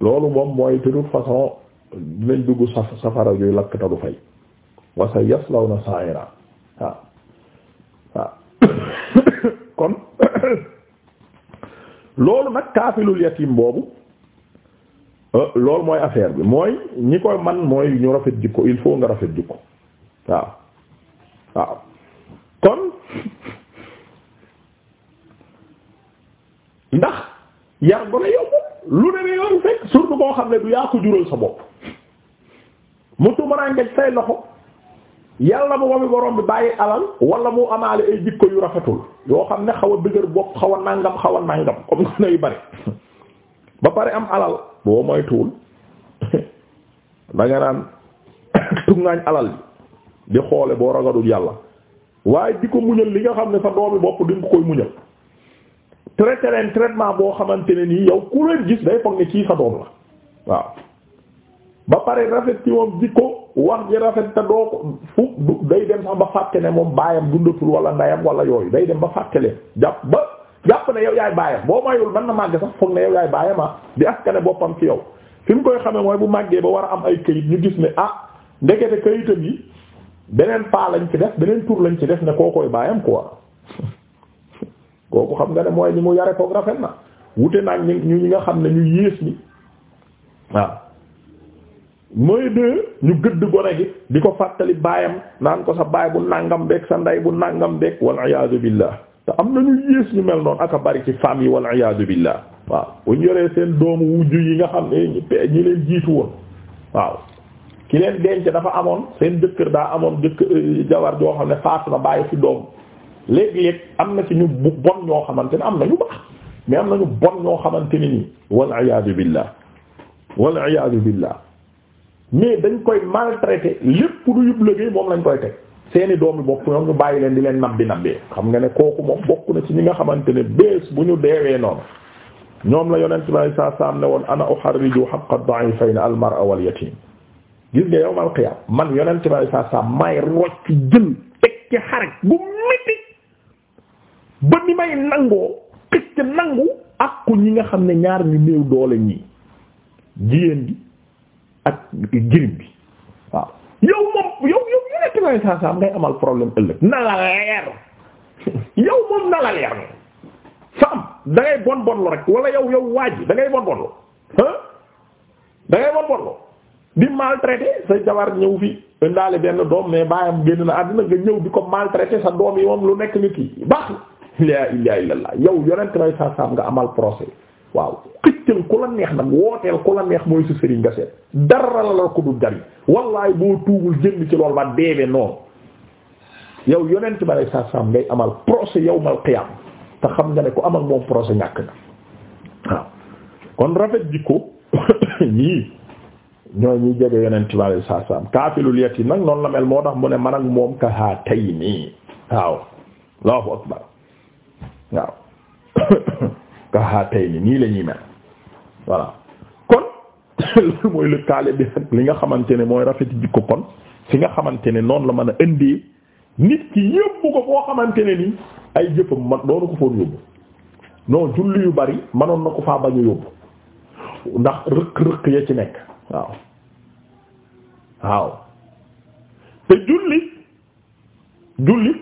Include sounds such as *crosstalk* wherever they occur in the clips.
loolu moom mooy de toute façon dinañ dugg saf safara yuy lakk te du fay wa sa yaslawna sa'ira waaw waaw *coughs* kon *coughs* loolu nag kaafilul yatim boobu euh, loolu mooy affaire bi mooy ñi koy man mooy ñu rafet jikko il faut nga rafet jikko waaw waaw kon *coughs* ndax yar gone yomb lu ne ne yoon fekk surtout boo xam ne du yaa ko jural sa bopp mu tumuraangeeg say loxo yàlla mu wami borom bi bàyyi alal wala mu amaale ay jikko yu rafetul yoo xam ne xaw a dëgër bopp xaw a nàngam xaw a nàngam comme gone *laughs* yu bari ba pare am alal boo moytuwul *laughs* danga naan *coughs* tuŋaañ alal bi di xoole boo ragalul yàlla waaye di ko muñal li nga xam ne sa doomi bopp di nga koy muñal traité leen traitement boo xamante ne nii yow ku leen gis day foog ne kii sa doom la waaw ba pare rafet ci moom jikko wax ji rafet te doo ko day dem sax ba fàtte ne moom baayam dundatul wala ndayam wala yooyu day dem ba fàtte leen jàpp ba jàpp ne yow yaay baayam boo mayul mën na màgg sax foog ne yow yaay baayam ah di askane boppam ci yow fi mu koy xamee mooy bu màggee ba war a am ay kayit ñu gis ne ah ndekete këyitam yi beneen paa lañ ci def beneen tur lañ ci def ne koo baayam quoi kooku xam nga ne mooy ñi mu yare koog rafet na wute naag ñu ñi nga xam ne ñu yées ni waaw mooy de ñu gëdd gone gi di ko fàttali baayam naan ko sa baay bu nàngam beeg sa ndey bu nàngam beeg wal iyaadu billah te am na ñu yées ñu mel noonu aka bari ci femme yi wal iyaadu billah waaw bu ñu yoree seen doomu wujju yi nga xam ne ñi leen jiitu woon waaw ki leen denc dafa amoon seen jëkkër daa amoon jëkkër jabar joo xam ne faatu na bàyyi fi doom léegi léeg am na ci ñu bon ñoo xamante ne am na ñu baax mais am na ñu bon ñoo xamante ne nii. wal iyaadu billah wal iyaadu billah mais dañ koy maltraité lépp lu yub liggéey moom lañ koy teg. seeni doomi bopp ñoom ñu bàyyi leen di leen nabbi nabbi xam nga ne kooku moom bokk na ci ñi nga xamante ne bés bu ñu deewee noonu ñoom la yonent bi saa saam ne woon ana uharriju haqqa da'ifayn al-mar'a wal yatim gis nga yawmal qiyaam man yonent bi saa saam may rocc jël ba ni may nangoo xëcc nangu ak ku ñi nga xam ne ñaar ñu néew doole ñii jigéen bi ak jirim bi waaw yow moom yow yow yonent problème ëllëg na bon bonlu rek wala yow yow waaj da ngay bon bonlu ah da ngay bon bonlu di benn doom mais baayam génn na àddina nga ñëw di ko maltraité sa doom yi lu nekk nit ki baax laa ilaaha illallaah yow yonent bay saasaam nga amal procès waaw xëccal ku la neex nag wooteel ku la neex mooy sa sëriñ nga seet dara la la ko du jariñ wallaay boo tuugul jënd ci loolu ba deebe noonu yow yonent bay saasaam ngay amal procès yawmal qiyaam te xam nga ne ku amal moom procès ñàkk na waaw kon rafet jikko *coughs* yii ñooy ñuy jege yonent bi saa saam kaafilul yatim nag noonu la mel moo tax mu ne man ak moom ka haa tey nii waaw allahu akbar waaw kaxaa *coughs* tay ni nii la ñuy mel voilà kon loolu *coughs* mooy lëkkaale bi ak li nga xamante ne mooy rafet jikko kon fi nga xamante ne noon la mën a indee nit ki yóbbu ko boo xamante ne ni ay jëfam man doonu ko foon yóbbu non julli yu bari manoon na ko faa bañ yóbbu ndax rëq-rëq ya ci nekk waaw waaw te julli julli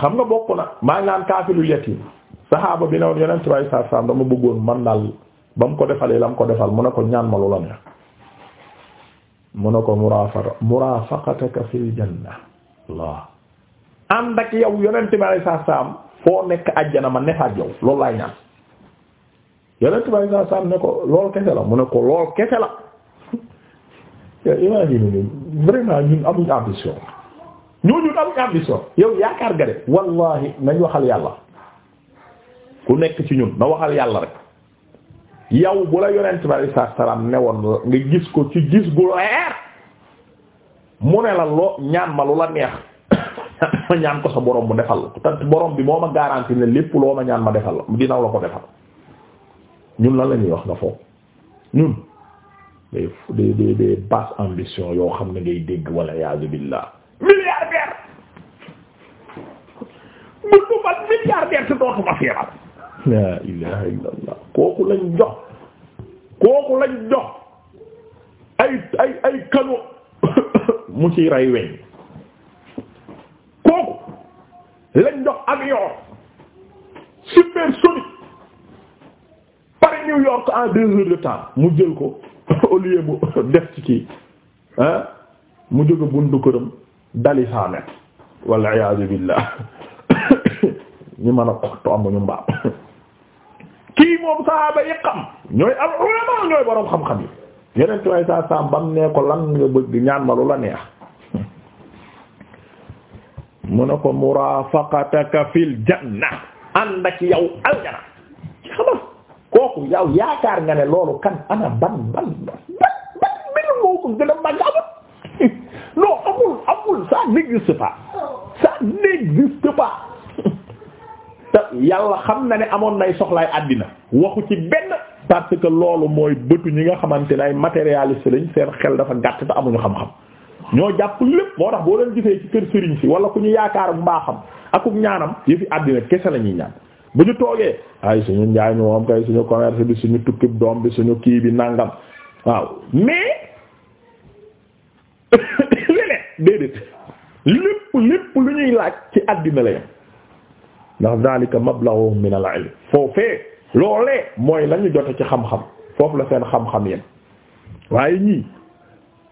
xam nga bokk na maa ngaan kaafirul yatiim saxaaba bi ne woon yonent bi sallallahu alayhi dama bëggoon man daal ba mu ko defalee la mu ko defal mu ne ko ñaan ma lu la mu ne ko muraafaqata muraafaqataka fil janna Allah ànd ak yow yonent bi sallallahu alayhi wasallam foo nekk ajjana ma nekk ak yow loolu laay ñaan yonent bi sallallahu alayhi ne ko lool kese la mu ne ko lool kese la imagine ni vraiment ñun amuñ ambition ñoo ñun amuñ ambition yow yaakaar ga de wallahi nañ waxal yàlla ku nekk ci ñun na waxal yàlla rek yow bu la yonent bi alayhi salaam newoon nga gis ko ci gis gu leer mu ne la loo ñaan ma lu la neex ma *coughs* ñaan ko sa borom mu defal la te bi moo ma garanti ne lépp loo ma ñaan ma defal la dinaw la ko defal ñun lan la ñuy wax nga foofu ñun des des des des basses ambitions yoo xam ne ngay dégg wala yaazu billah milliardaire bu dugal milliardaire te dootuma feebar la ilaha illa kooku lañ jox kooku lañ jox ay ay ay *coughs* mu ci rey weñ kooku lañ jox avion supersonique Paris New York en deux heures de temps mu jël ko *coughs* au lieu bu *coughs* def ci kii ah mu jóge buntu këram dali cent mètres wal iyaazu ñi mën a xottu amuñu mbaam kii moom sahaaba yi xam ñooy al ulama ñooy borom xam-xam yi yeneen ci waay saam bam nee ko lan nga bëgg ñaan ma lu la neex mu ne ko murafaqataka fil janna ànd ak yow aljana ci kooku yow yaakaar nga ne loolu kan ana ban ban ban ban mbir moo ko gën a màgg amul *laughs* non amul amul ça n'existe pas ça n'existe pas yàlla xam na ne amoon nay soxlaay àddina waxu ci benn parce loolu mooy bëtu ñi nga xamante ne ay matérialiste lañ seen xel dafa gàtt te amuñu xam-xam ñoo jàpp lépp moo tax boo leen gisee ci kër sëriñ si wala ku ñu yaakaar bu mbaaxam akuk ñaanam yëfi àddina kese la ñuy ñaan bu ñu toogee ay suñu njaay moom kay suñu commerce bi suñu tukkib doom bi suñu kii bi nàngam waaw mais *coughs* leneen déedéet lépp lépp lu ñuy laaj ci àddina la yam ndax dalika mablaghuhum min al-ilm foofee loolee mooy la ñu jote ci xam-xam foofu la seen xam-xam yéen waaye ñii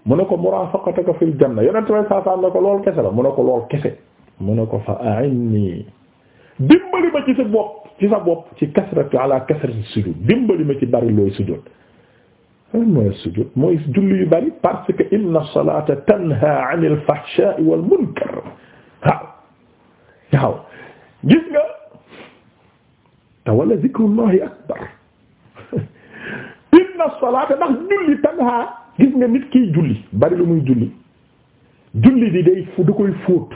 mu ne ko murafaqatuka fil janna yonent way saasaam ne ko lool kese la mu ne ko lool kese mu ne ko fa a'inni dimbali ma ci sa bopp ci sa bopp ci kasratu ala kasrati sujud dimbali ma ci bari looy sujud lan mooy sujud mooy julli yu bari parce que inna salata tanha anil fahsha'i wal munkar waaw waaw gis nga te wala zikrullahi akbar inna salaata ndax julli tanha gis nga nit ki julli bari lu muy julli julli di day fu di koy fóot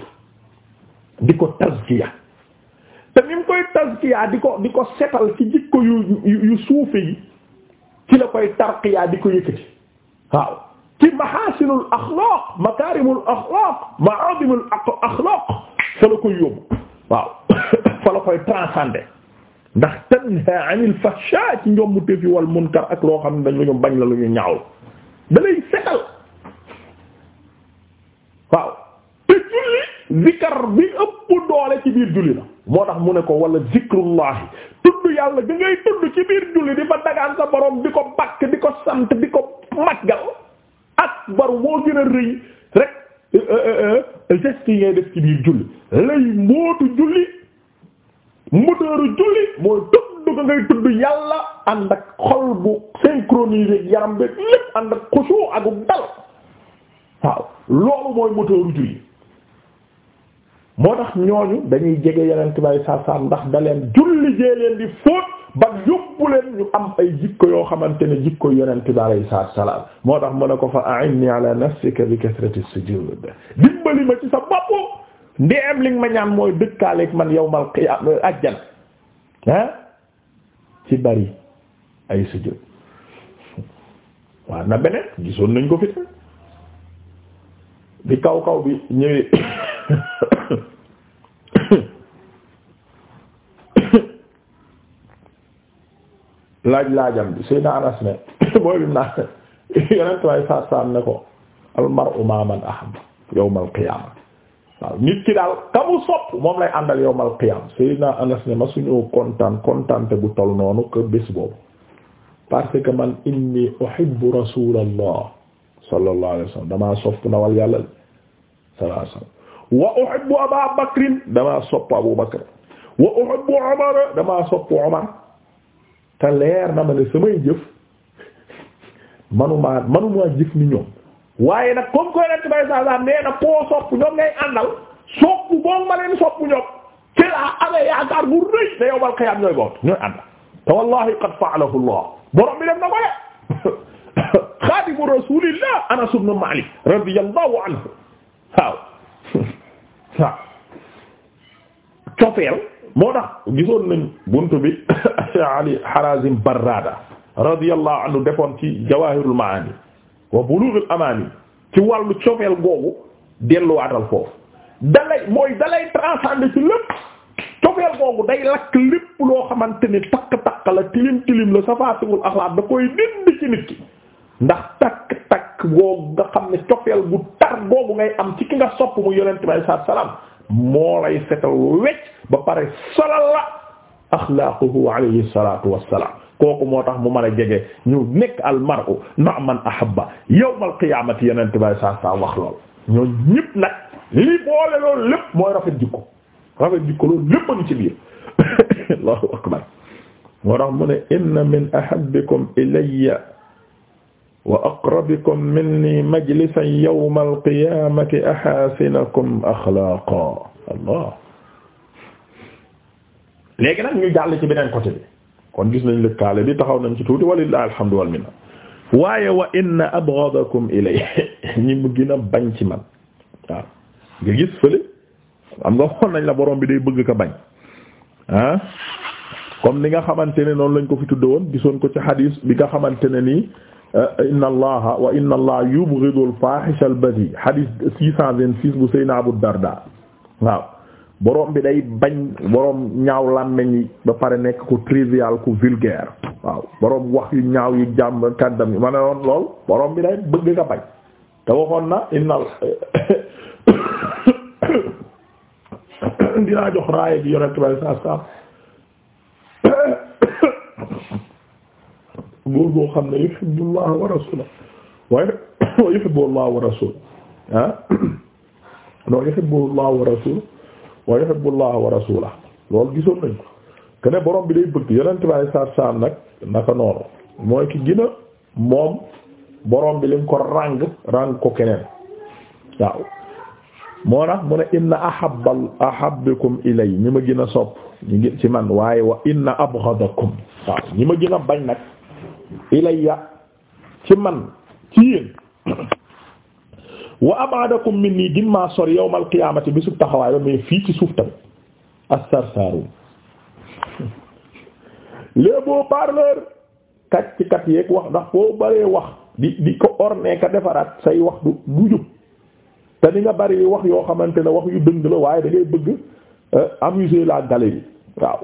di ko tazkiya te ni koy tazkiya di ko di ko ci jikko yu yu suufe yi la koy tarqiya di ko yëkkati waaw ci mahasinul axlaq makarimul axlaq ma'azimul axlaq fa la koy yóbbu waaw *coughs* fa la koy transcender ndax tanha anil fahsha ci njombu tefi wal munkar ak loo xam ne dañ lu ñu bañ la lu ñu ñaaw da lay setal waaw te julli zikar bi ëpp doole ci biir julli la moo tax mu ne ko wala zikrullahi tudd yàlla da ngay tudd ci biir julli di dagaan sa borom di ko bakk di ko sant di ko maggal akbar moo gën a rëy rek geste yi ngay def ci biir julli lay mootu julli motooru julli mooy tudd ko ngay tudd yàlla ànd ak xol bu synchronisé ak yaram beeg lépp ànd ak xushu ak dal waaw loolu mooy motooru julli moo tax ñooñu dañuy jege yeneen tubaab yi saa ndax da julli jee leen di fóot. ba yóbbu leen ñu am ay jikko yoo xamante ne jikko yonent bi alayhi salaam moo tax mu ne ko fa a'inni ala nafsika bi kasrati sujud dimbali ma ci sa bopp ndéem li nga ñaan mooy dëkkaaleeg man yawmal qiyaama ajjan ah ci bari ay sujud waaw na beneen gisoon nañ ko fi di kaw kaw bi ñëwee laaj laajam bi Seydina Anas ne *coughs* booy bi naa *coughs* yonent way sa sam ne ko al mar'u ma man ahab yawmal qiyaama waaw daal ka mu moom lay àndal yawmal qiyaama Seydina Anas ne ma suñu kontaan kontaante bu tol noonu que bés boobu inni uhibbu rasulallah sallallahu wa sallam damaa sopp nawal yàlla sallallahu alayhi wa sallam wa uhibbu Abu Bakr wa uhibbu Umar te leer na ma ne samay jëf manumaa manumaa jëf ni ñoom waaye nag comme koy rent bay saa saa nee na koo sopp ñoom ngay àndal sopp boo ma leen sopp ñoom ci laa amee yaakaar bu rëy ne yow bal ñooy boot ñooy ànd te wallahi qad fa'alahu Allah borom bi def na ko de *coughs* xaadimu rasulillah Anas ibn Malik radiyallahu anhu waaw *laughs* waaw moo tax gisoon nañ buntu bi Cheikh *laughs* Ali Harazim Barrada radiyallahu anhu defoon ci Jawahirul Maani wa Bulughul Amani ci wàllu cofeel googu delluwaatal foofu dalay mooy dalay transcender ci lépp cofeel googu day lakk lépp loo xamante ni takk-takk la tilim tilim la safaasiwul axlaaq da koy dind ci nit ndax takk-takk googu nga xam ne cofeel gu tar googu ngay am ci ki nga sopp mu yonent bi sallallahu moo lay setal wecc ba pare solal la axlaaquhu alayhi kooku moo tax mu mën a jege ñu nekk al mar'u ma man ahabba yawmal qiyamati yenente bay wax lool ñoo ñëpp nag li boole loolu lépp mooy rafet jikko rafet jikko loolu lépp a ngi ci biir *laughs* allahu akbar moo tax mu min ahabbikum ilayya wa aqrabikum minni majlisan yawmal qiyaamati ahaasinakum axlaaqan allah léegi nag ñu jàll ci beneen côté bi kon gis nañ lëkkaale bi taxaw nañ ci tuuti walillahi alhamdu wal minna waaye wa inna abghadakum ilay *laughs* ñi mu gën a bañ ci man waaw nga gis fële am nga xool nañ la borom bi day bëgg ko bañ kon ah? ni nga xamante ne noonu lañ ko fi tudde woon gisoon ko ci hadis bi nga xamante ne nii inna allaha wa inna allaha yubghidu al-fahisha al-badhi hadith six cent vingt-six bu Seydina Abu waaw borom bi day bañ borom ñaaw làmmeñ yi ba pare nekk ku trivial ku vulgaire waaw borom wax yu ñaaw yu jàmb kàddam yi ma ne woon lool borom bi day bëgg nga bañ te waxoon na inna *coughs* *coughs* *coughs* dinaa jox raaya bi yonent bi sallallahu alayhi góor boo xam ne yuhibbullah wa rasulahu waaye *coughs* yuhibbullah wa rasul ah *coughs* non yuhibbullah wa rasul wa yuhibbullah wa rasulahu loolu gisoon nañ ko que ne bi day bëgg yonent bi alayhi salaatu salaam nag naka noonu mooy ki gën a moom borom bi lim ko ràng ràng ko keneen waaw moo tax mu ne inna ahabba ahabbukum ilay ñi ma gën a sopp ñi ci man waaye wa inna abghadakum waaw ñi ma gën a bañ nag ilayya ci man ci yéen wa abadakum minni gimmaa sori yawmal qiyaamati bi sub taxawaay ba mais fii ci suuf tamit as-sarsaaru les beaux-parleurs kat kat wax ndax boo baree wax di di ko ornee ka defaraat say wax du jub te ni nga bari wax yoo xamante ne wax yu dëng la waaye da ngay bëgg euh, amuser la galerie waaw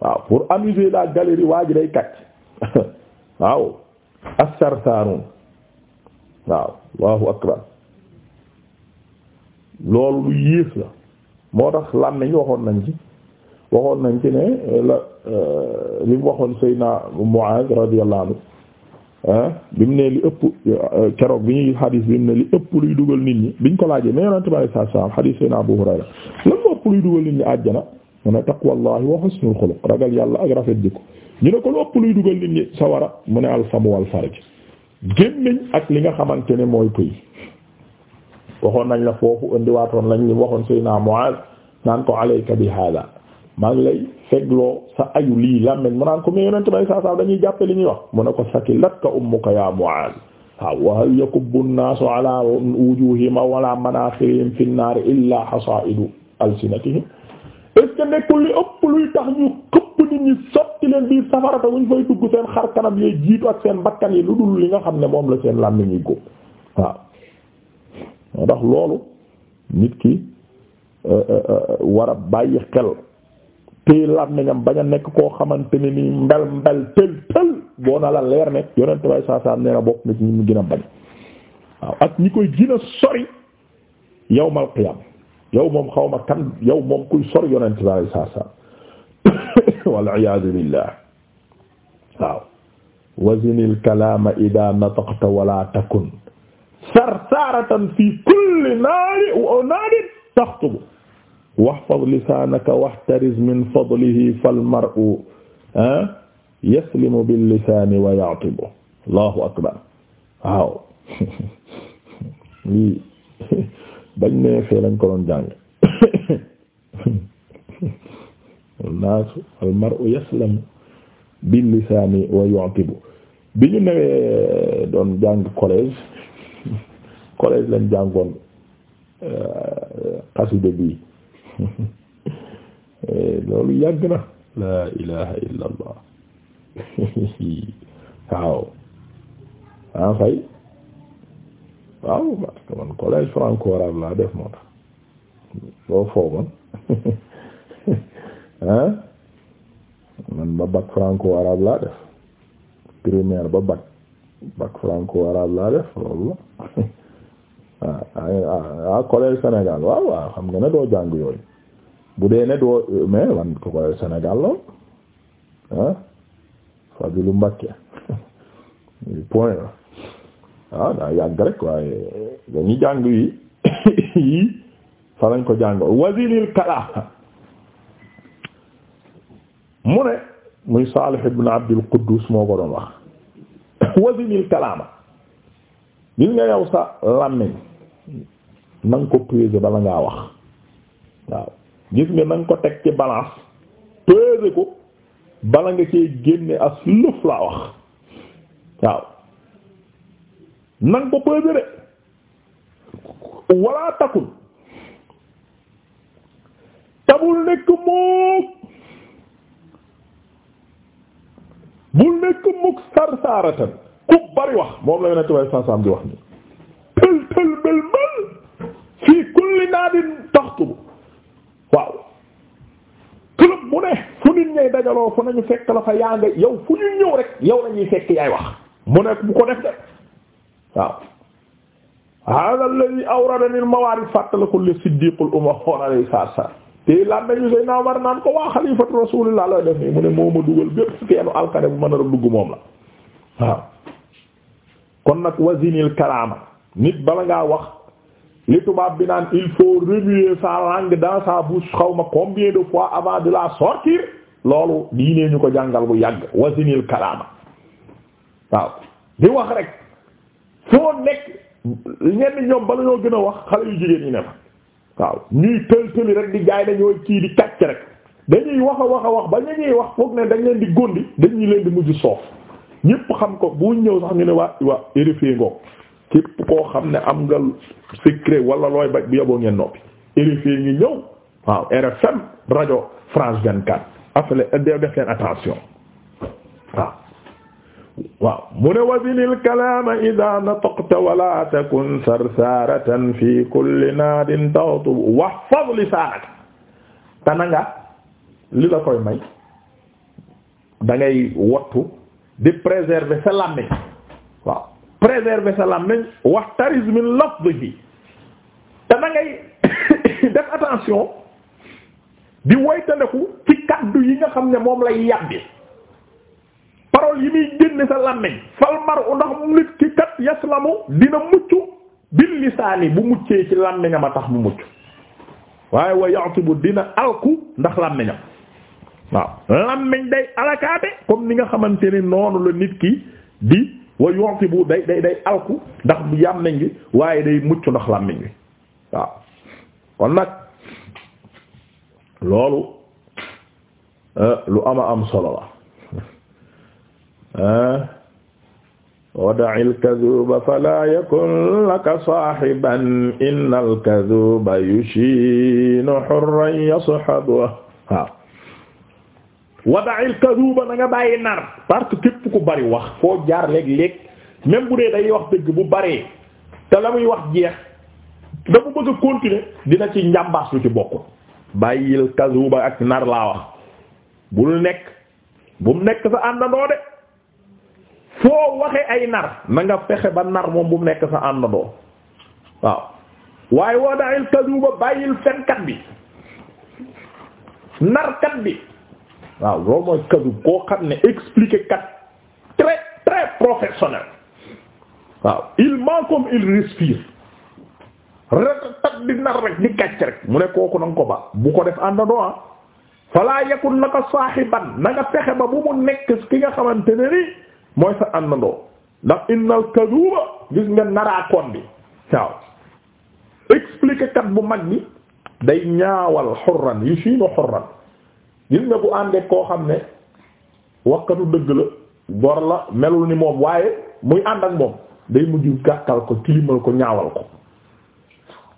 waaw pour amuser la galerie waa ji day kàcc *laughs* waaw as-sarsarun waaw allahu akbar loolu lu la moo tax làmmiñ waxoon nañ ci waxoon nañ ci ne euh, la euh, li mu waxoon Seydina Muaz radiyallahu anhu bi mu ne li ëpp euh, keroog bi ñuy xadiis bi mu ne li ëpp luy dugal nit ñi biñ ko laajee mais yonente bi alayhi salaatu salaam xadiis Seydina Abu Hurayra lan moo ëpp luy dugal nit ñi àjjana mu ne wa husnul xuluq ragal yàlla ak rafet jikko ñu ne ko lu ëpp luy dugal nit ñi sawara mu ne al famu wal farj ak li nga xamante ne mooy pëy waxoon nañ la foofu indiwaatoon lañ li waxoon Seydina Muaz naan ko alayka bi hada maa ngi lay fegloo sa ayu lii làmmiñ mu naan ko mais dañuy jàppe li ñuy wax mu ne ko sakilatka ummuka ya Muaz waaw wahal yakubbu an-naasu ala wujuhihim wala manakhirihim fi an hasaa'idu alsinatihim est ce nekkul li ëpp luy tax ñu këpp nit ñi sotti leen biir safara te buñ fay dugg seen xar kanam yee jiitu ak seen bakkan yi lu dul li nga xam ne moom la seen làmmiñ yi góob waaw. moo tax loolu nit ki euh, euh, euh, war a bàyyi xel téye làmmiñam bañ a nekk koo xamante ne nii mbel mbel tël tël boo na la leer nekk yonent bay saa saa nee na bokk nit ñi mu gën a waaw ak ñi koy gën a sori yawmal qiyaam yow moom xaw ma kan yow moom kuy sor yonent bi alayhi salaam *coughs* wal iyaadu billah waaw wazinil kalaama idaa nataqta wala takun sarsaaratan fi kulli naari naadin taxtubu waxfad lisaanaka waxtariz min fadlihi fal mar'u yaslimu bil lisaani wa ya'tibu allahu akbar waaw *laughs* lii *laughs* bañ ne fee lañ ko doon jàng naasu al mar'u yaslamu lisaani wa yu'tibu bi ñu newee doon jàng collège collège lañ jàngoon euh, xasida bi *laughs* loolu yàgg na la ilaha illa *laughs* waaw an ah, fay waaw parce que man collège franco arabe laa def moo tax loo foogoon *laughs* hein man ba bac franco arabe laa def primaire ba bac bac franco arabe laa def loolu la *laughs* ah, ah, ah, ah collège Sénégal waaw waaw xam nga ne doo jàng yooyu bu dee ne doo mais man collège Sénégal lool hein Fadilu Mbacké *laughs* waaw ah, daa yàgg rek waaye dañuy jàng yii *coughs* fa lañ ko jàng wazinil kalaam mu ne muy Salih ibn Abdul Quddus moo ko doon wax *coughs* wazinil kalaama gis nga yow sa làmmiñ na ko peser bala ngaa wax waaw gis nga na ko teg ci balance peser ko bala nga cee génne as laa wax waaw nang ko peser wala takul tabul nekk mook bul nekk mook sar ku bari wax moom la yonent way sasam di wax ni waaw club bu ne fu nit ñay dajaloo fu nañu fekk la fa yaa nga yow fu ñu ñëw rek yow lañuy fekk yaay wax mu nekk bu ko def de waaw hada alladhi awradani al-mawaarid fàttaliku li siddiqul umma alayhi salaam te lan nañu Seydina Umar naan ko waa xalifatu rasulillah lay def nii mu ne moo ma dugal bépp keenu alkane bu mën a dugg moom la waaw kon nag wazinil kalaama nit bala ngaa wax li tubaab bi naan il faut remuer sa langue dans sa bouche xaw ma combien de fois avant de la sortir loolu diinee ñu ko jàngal bu yàgg wazinil kalaama waaw di wax rek. foo nekk ñenn ñoom bala ñoo gën a wax xale yu jigéen ñi ne fa waaw ñuy tël tëli rek di jaay dañoo kii di kàcc rek dañuy wax a wax a wax ba ñu ñuy wax foog ne dañ leen di gondi dañuy leen di mujj soof ñépp xam ko bu ñëw sax ñu ne waa waa RFI ngoog képp koo xam ne am nga secret wala looy bañ bu yoboo ngeen noppi RFI ñu ñëw waaw RFM rajo France 24 affaire def leen attention waaw waaw mu ne wasinil kalaama ida nataqta wala takun sarsaaratan fi kulli naadin taxtub waxfaz lisaanaka te nanga li la koy may da ngay wattu di préserver sa làmmiñ waaw préserver sa làmmiñ waxtariz min lafzihi te *coughs* def attention di woytandeku ci kaddu yi nga xam ne moom lay yàbbi parole yi muy ci sa làmmiñ fal mar'u ndax nit ki kat yaslamu dina mucc bil lisaani bu muccee ci làmmiñam a tax mu mucc waaye wa ya'tibu dina alku ndax làmmiñam waaw làmmiñ day alakaate comme ni nga xamante ni noonu la nit ki di wa ya'tibu day day day alku ndax yàmmiñ gi waaye day mucc ndax làmmiñ gi waaw kon nag loolu euh, lu ama am solo la wada'il kadhuba fala yakun laka sahiban innal kadhuba yushinu hurran yashabu waaw wada'il kadhuba na nga bàyyi nar parce que ku bari wax foo jaar léeg-léeg même dee day wax dëgg bu baree te la muy wax jeex dafa bëgg a continuer dina ci njàmbaas lu ci bokk bàyyil kadhuba ak nar laa wax bul nekk bu mu nekk sa àndandoo de foo waxee ay nar na nga fexe ba nar moom bu mu nekk sa àndandoo waaw waaye woo daayil kaduba bàyyil fenkat bi narkat bi waaw loolu mooy kadub koo xam ne expliquer kat très très professionnel waaw il ment comme il respire rek tat di nar rek di kàcc rek mu ne kooku na ko ba bu ko def àndandoo ah falaa yakun naka saahiban na nga fexe ba bu mu nekk ki nga xamante ne ni mooy sa àndandoo ndax innal kaduba gis nga naraakoon bi waaw expliquer kat bu mag bi day ñaawal xurran yu siinu xurran gis nga bu àndee koo xam ne wakkatu dëgg la gor la melul ni moom waaye muy ànd ak moom day mujj gàttal ko tilimal ko ñaawal ko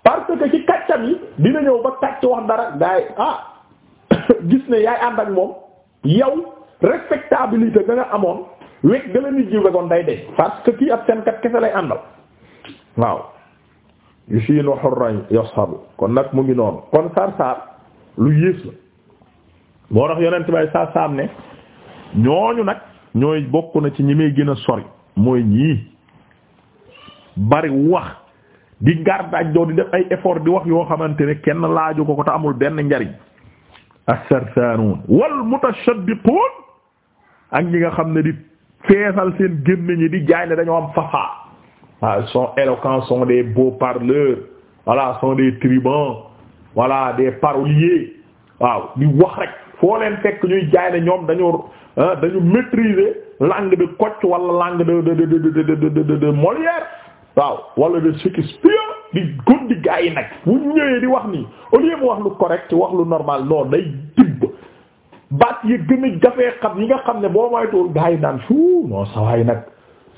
parce que ci kàccam yi dina ñëw ba kàcc wax dara daay ah *coughs* gis ne yaay ànd ak moom yow respectabilité nga amoon wékk gëla day dey parce que kii ab seenkat kese lay àndal waaw yu siinu xurran yashabu kon nag mu ngi noonu kon sar-sar lu yées la moo tax yonent bay sar ne ñooñu nag ñooy bokk na ci ñi may gën a sori mooy ñii bari wax di gardaaj doo di def ay effort di wax yoo xamante ne kenn laaju ko ko te amul benn njariñ as-sarsaruun wal mutashaddiquun ak ñi nga xam ne di feesal seen gémmiñ ñi di jaay ne dañoo am fafa waaw ah, ils sont éloquents sont des beaux parleurs voilà sont des tribuns voilà des paroliers waaw di wax rek foo leen fekk ñuy jaay ne ñoom dañoo ah, dañu maîtriser langue de Coach wala langue de de de de de Molière waaw wala de Shakespeare di di gars yi nag bu ñëwee di wax nii au lieu mu wax lu correct wax lu normal non day. baat yi gën a xam yi nga xam ne boo moytuwul gars yi naan suu non sawaay nag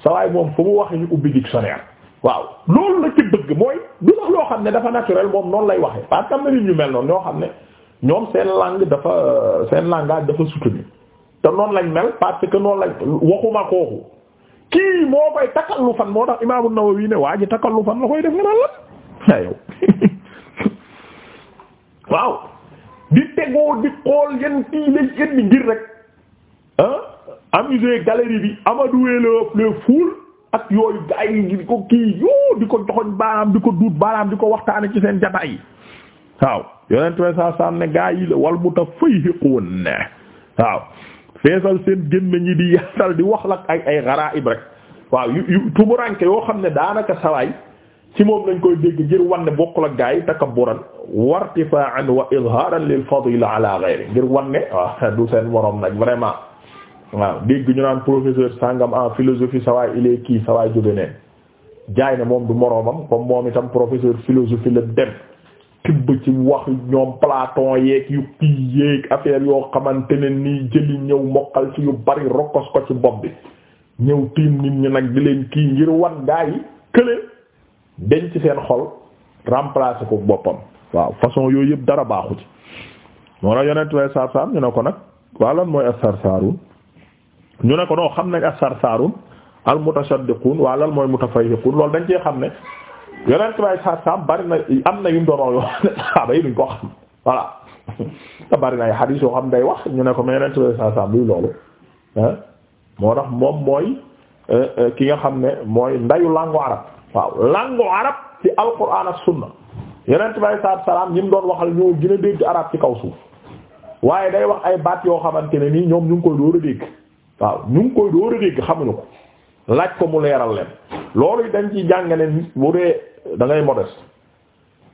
sawaay moom fu mu waxee ñu ubbi dictionnaire waaw loolu la ci bëgg mooy du sax loo xam ne dafa naturel moom noonu lay waxee parce que am na ñu mel noonu ñoo xam ne ñoom seen langue dafa seen langage dafa soutenu te noonu lañ mel parce que noonu lañ waxuma kooku kii moo koy takallufan moo tax Imaamu Nawawi ne waa ji takallufan la koy def nga naan la *laughs* *laughs* waaw. di tegoo di xool yenn kii lañ yenn ngir rek ah galerie bi amadoué le le foule ak yooyu gaa yi di ko kii yoo di ko joxoñ baaraam di ko duut baaraam di ko waxtaane ci seen jataay yi waaw yonent way saa saam ne gaa yi la wal mutafayhiqun waaw feesal seen gémmiñ yi di yaatal di wax lak ay ay garaib rek waaw yu yu tumuranke yoo xam ne daanaka sawaay ci moom lañ koy dégg ngir wanne bokk ak gaa yi takabburan wartifa'an wa izharan lil fadil ala ghayri ngir wan ne waaw du seen morom nag vraiment waaw dégg ñu naan professeur sangam en philosophie sawaay il kii sawaay jóge neen jaay ne moom du moroomam comme moom itam professeur philosophie la dem tibb ci wax ñoom Platon yeeg yu kii yeeg affaire yoo xamante ne nii jëli ñëw mokkal ci yu bari rokkos ko ci bopp bi ñëw tiim nit ñi nag di leen kii ngir wan gaa yi kële denc seen xol remplacer ko boppam waaw façon yooyu yëpp dara baaxu ci moo tax yonent way sarsar ñu ne ko nag waa lan mooy as-sarsarun ñu ne ko non xam nañ as-sarsarun al-mutashaddiqun waa lan mooy mutafayhiqun loolu dañ cee xam ne yonent way sarsar bari na am na yu mu doon wax yoo xam ne xam voilà ay xadiis yoo xam day wax ñu ne ko mais yonent way sarsar luy loolu moo tax moom mooy euh, euh, ki nga xam ne mooy ndayu langue arabe waaw langue arabe ci alquran ak sunna yenent bay saab salaam ñi mu doon waxal ñoo gën a dégg arab ci kaw suuf waaye day wax ay baat yoo xamante ne nii ñoom ñu ngi koy dóor a dégg waaw ñu ngi koy dóor a dégg xamuñu ko laaj ko mu leeral leen loolu dañ ci jàngale nit bu dee da ngay modeste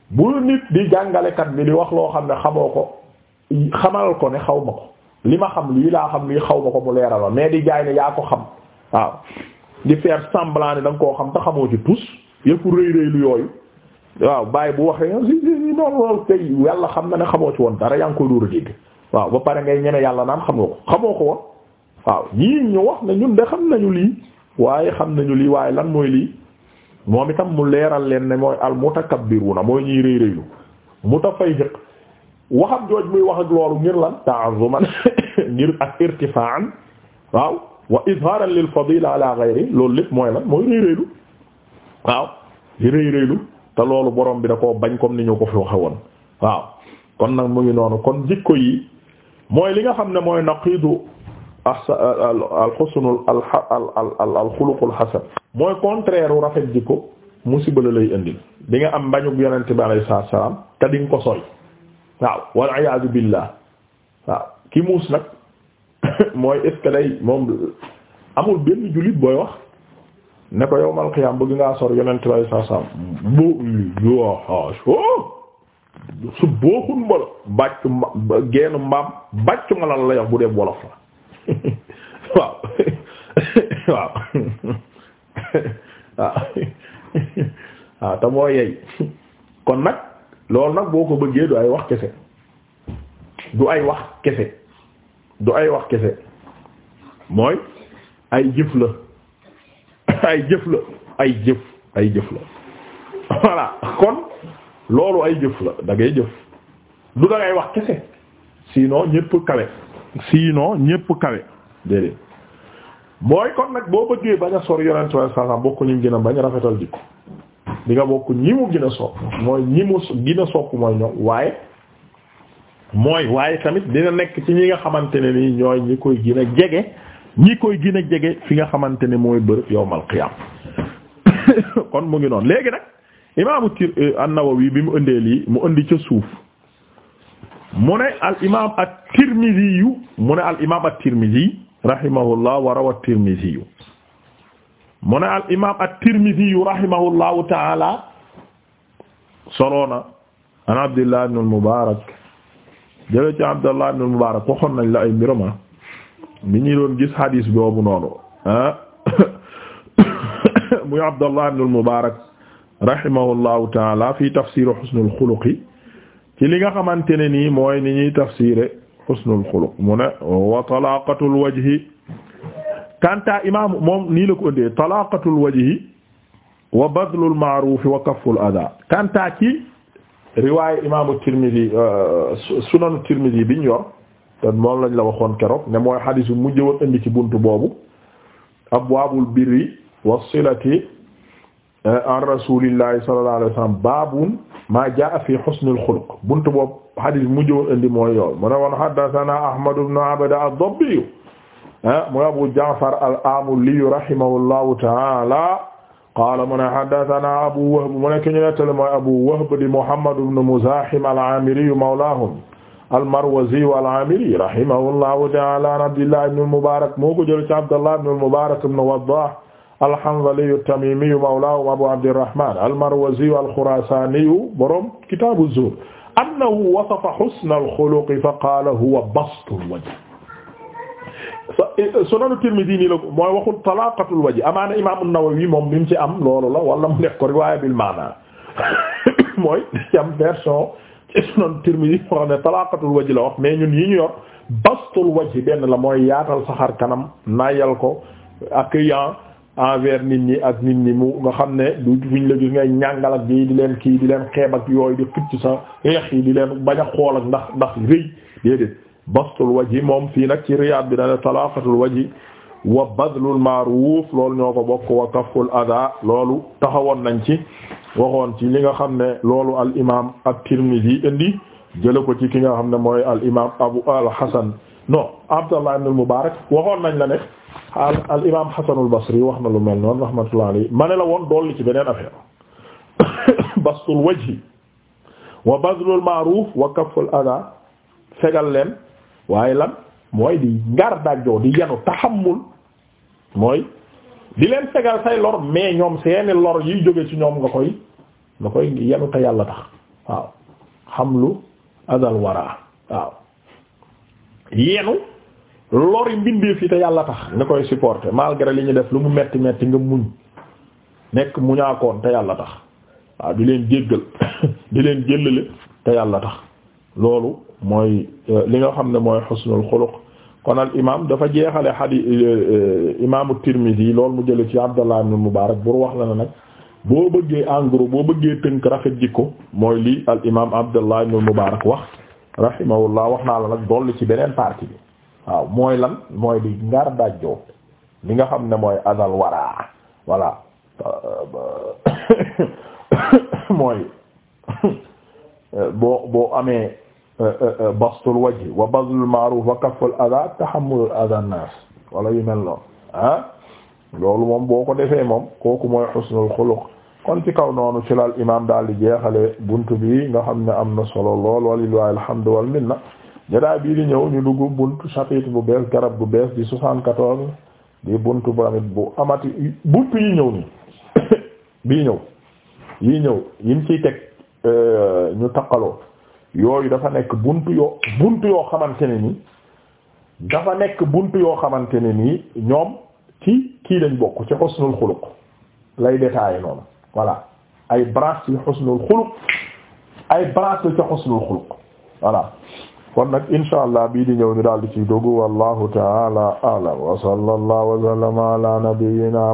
bu nit di jàngalekat bi di wax loo xam ne xamoo ko xamal ko ne xaw ma ko li ma xam lii laa xam lii xaw ma ko mu leeral la mais di jaay ne yaa ko xam waaw di faire semblant ne da nga koo xam te xamoo ci tous yëpp rëy rëy lu yooyu waaw bàyyi bu waxee si yàlla xam na ne xamoo ci woon dara yaa ngi koy dóor a dégg waaw ba pare ngay ñeme yàlla naan xamoo ko xamoo ko woon waaw ñii ñu wax ne ñun de xam nañu lii waaye xam nañu lii waaye lan mooy lii moom itam mu leeral leen ne mooy al mutakabbiruna mooy ñiy rëy rëylu mutafayhiq waxam jooj muy wax ak loolu ngir lan ta'azzuman *laughs* ngir ak irtifaan waaw wa izharan lil fadila ala ghayri loolu lépp mooy lan mooy rëy rëylu waaw rëy rëylu te loolu borom bi da koo bañ comme ni ñu ko fu waxe woon waaw kon nag mu ngi noonu kon jikko yi mooy li nga xam ne mooy naqiidu ahsa al xusnul al al al xuluqul hasan mooy contraire rafet jikko musiba la lay indil di nga am mbañu yonent bi alayhi salaatu salaam te ko sol waaw wal iyaazu billaah waaw ki muus nag *coughs* mooy est day moom amul benn jullit booy wax ne ko yawmal qiyaam bëgg ngaa sor yonent way sa sam bo yoa su booxun mbala bàccu geenu mbaam bàccu ma la yox bu dee wolof la *laughs* waaw *laughs* waaw *laughs* waaw te moo yey kon nag loolu nag boo ko bëggee du ay wax kese du ay wax kese du ay wax kese mooy ay jëf la ay jëf la ay jëf ay jëf la voilà kon loolu ay jëf la da ngay jëf du da wax kese sinon ñépp kawe sinon ñépp kawe déedéet mooy kon nag boo bëggee bañ a sor yonent way bokk bañ rafetal jikko di nga ñi mu gën a sopp mooy ñi mu gën a sopp mooy ñoom waaye mooy waaye tamit dina nekk ci ñi nga xamante ne nii ñooy ñi koy gën a jege ñi koy gën a jege fi nga xamante ne mooy bër yawmal qiyaam *coughs* kon mu ngi noonu léegi nag imaamu tir euh, an-Nawawi bi mu ëndee lii mu ëndi ca suuf mu ne al imaam at-Tirmidhi yu mu ne al imaam at-Tirmidhi rahimahullah wa rawa at-Tirmidhi yu mu ne al imaam at-Tirmidhi yu ta'ala soloona an Abdullah ibn al-Mubarak ci Abdullah ibn al-Mubarak waxoon la ay mbirama ah. mi ñu doon gis hadis boobu noonu ah *coughs* muy Abdallah ibn al-Mubarak rahimahullahu taala fi tafsir husnul xuluqi ci li nga xamante ne nii mooy ni ñuy tafsiré husnul xuluq mu ne wa talaqatul wajhi kanta imam moom nii la ko ëndee talaqatul wajhi wa badlul ma'ruf wa kafful adha kanta ci riwaaya imaamu Tirmidhi euh, sunanu Tirmidhi biñ yor te moom lañ la waxoon keroog ne mooy xadiis bu mujj woon indi ci buntu boobu abwaabul birri wassilati eh, an rasulillahi sallallahu alayhi wa sallam baabun maa jaa fi husnil xuluq buntu boobu xadiis bu mujj woon indi mooy yool mu ne woon haddathana ahmad ibn abda ad-dabbi eh, mooy abu ja'far al-amuli rahimahullahu ta'ala qaala mu ne haddathana abu wahb mu ne ki ñu nettali mooy abu wahb di muhammad ibn muzahim al-amiri mawlaahum al-Marwazi wal-Aamiri rahimahullahu ta'ala an Abdillah ibn al-Mubarak moo ko jël ci Abdallah ibn al-Mubarak ibn Waddah al-Hanzali at-Tamimi mawlaahu Abu Abdirrahman al-Marwazi al-Khurasani borom kitab az-Zuhd annahu wasafa husn al-khuluq fa qaala huwa bastu al-wajh eh, eh, Sunan Tirmidhi nii la mooy waxul talaaqatul wajh amaana imaam an-Nawawi moom bi mu ci am loolu la wala mu nekk ko riwaaya bil maana *coughs* mooy ci am version sunan Tirmidhi wax ne talaqatul wajh la wax mais ñun yi ñu yor bastul wajh benn la mooy yaatal saxar kanam naayal ko accueillant envers nit ñi ak nit ñi mu nga xam ne du fuñ la gis ngay ñàngal ak di leen kii di leen xeeb ak yooyu di xëcc sa xeex yi di leen bañ a xool ak ndax ndax rëy déedéet bastul wajh moom fii nag ci Riyad bi dane talaqatul wajh wa badlul ma'ruf loolu ñoo ko bokk wa kaful ada loolu taxawoon nañ ci waxoon ci li nga xam ne loolu al imam at-Tirmidhi indi jële ko ci ki nga xam ne mooy al imam Abu al-Hasan non Abdallah ibn al-Mubarak waxoon nañ la ne al al imam Hasanul Basri wax na lu mel noonu rahmatullah alayhi ma ne la woon dolli ci beneen affaire *coughs* bastul wajhi wa badlul ma'ruf wa kaful ada fegal leen waaye lan mooy di ngar dajjoo di yanu taxammul mooy di leen tegal say lor mais ñoom seeni lor yiy jóge ci ñoom nga koy nga koy yenu te yàlla tax waaw xam lu adal waraa waaw yenu lori mbindeef yi te yàlla tax nga koy supporter malgré li ñu def lu mu metti metti nga muñ nekk muñaakoon te yàlla tax waaw di leen jéggal *coughs* di leen jëllale te yàlla tax loolu mooy euh, li nga xam ne mooy xusnul xuluq kon al imam dafa jeexale xadi euh, euh, imaamu Tirmidhi loolu mu jële ci Abdallah ibn Mubarak bur wax la na nag boo bëggee en boo bëggee tënk rafet jikko mooy lii al imam Abdallah ibn Mubarak wax rahimahullah wax naa la nag dolli ci beneen partie bi waaw mooy lan mooy di ngar dajjoo li nga xam ne mooy azal waraa voilà *coughs* mooy *coughs* boo boo amee Euh, euh, euh, bastul wajhi wa bazlul ma'ruf wa kafful adha tahammulul wala yu mel noonu ah loolu moom boo ko defee moom kooku mooy xusnul xuluq kon ci kaw noonu ci laal imaam daal di jeexale buntu bii nga xam ne am na solo lool walillahi alhamdu wal minna jotaay bii di ñëw ñu dugg buntu chapitre bu bees garab bu bees di 74 di buntu tamit bu amati buntu yi ñëw nii *coughs* bii ñëw yi ñëw yim ciy teg ñu taqaloo yooyu dafa nekk buntu yoo buntu yoo xamante ne ni dafa nekk buntu yoo xamante ne ni ñoom ci kii lañ bokk ci xusnul xuluq lay détaillé noonu voilà ay branche ci xusnul xuluq ay branche la ci xusnul xuluq voilà kon nag insha allah bii di ñëw ñu daal di ci dugg wallahu ta'ala a'lam wa sallallahu wa sallama ala nabiyyina